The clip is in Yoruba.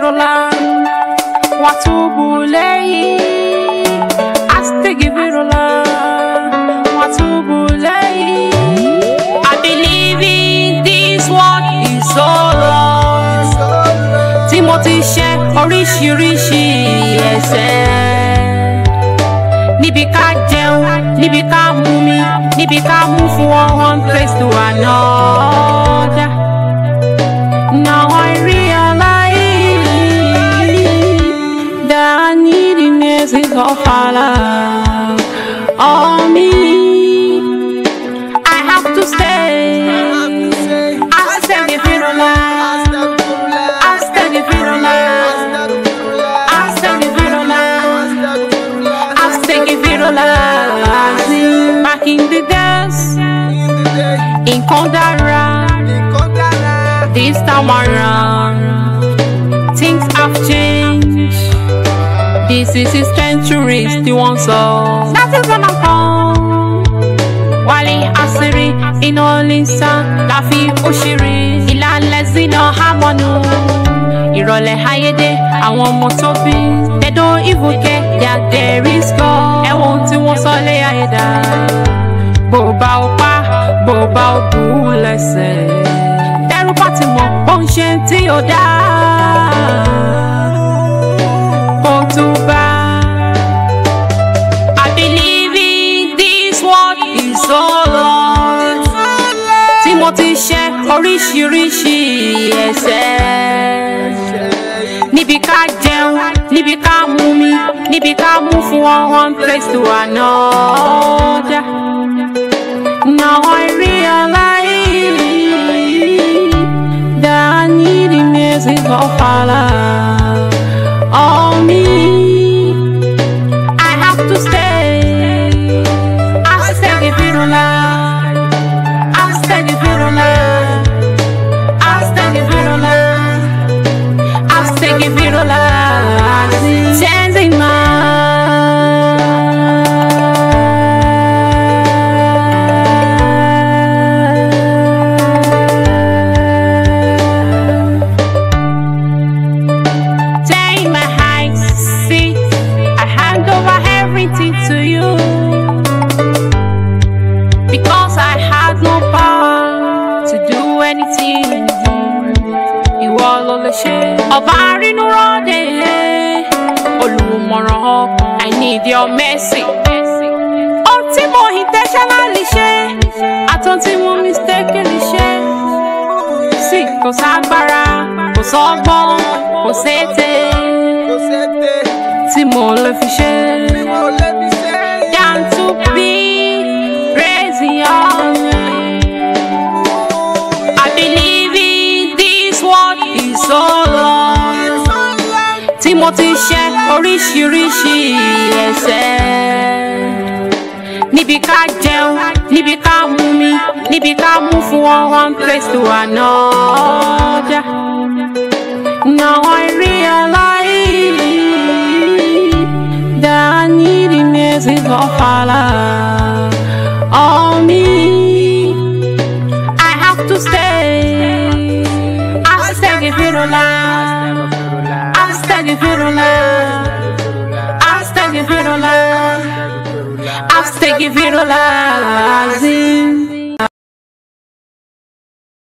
Rola, Watubu Lei, Astigi Rola, Watubu Lei. I believe in this world is so long. Timothy mo ti ṣe oríṣiríṣi ẹ̀ṣẹ̀. Níbi ká jẹun, níbi ká mú mi, níbi ká mú fún one place to another. Now I blessings of follow on me. I have to stay. I stand if I stay if you don't I I the in Kondara, this time around, things have changed. This is his century tí wọ́n sọ. Láti sọ́nà kan, wálé àṣírí iná lẹ́sà láfi òṣèré. Ìlànà zina hámọ́nù, ìrọ̀lẹ́ ayédè àwọn ọmọ tó bí. They don't even care, yeah, there is God. Ẹ̀wọ̀n tí wọ́n sọ lé àyẹ̀dá. Bó bá o pa, bó bá o bù ú lẹ́sẹ̀. Dẹ́rù pàtìmọ̀ bó ń ṣe tí mo ti ṣe oríṣiríṣi ẹ̀ṣẹ̀. níbi ká jẹun níbi ká mumi níbi ká mú fún one place to another. la ló lè ṣe. ọba rínú rọ́ọ̀dẹ̀ olùmọ̀ràn ọkàn I need your mercy. ohun tí mo intentionally ṣe àtúntò tí mo mistakenly ṣe. sí kò ságbára kò sọ́gbọ́n kò sété tí mo lè fi ṣe. mo ti ṣe oríṣiríṣi ẹ̀ṣẹ̀ níbi ká jẹun níbi ká mú mi níbi ká mú fún wọn one place to another. Now I realize that I need the mercy of Allah on me. I have to stay. I stay don't of stand if you do I am if you do I am if you do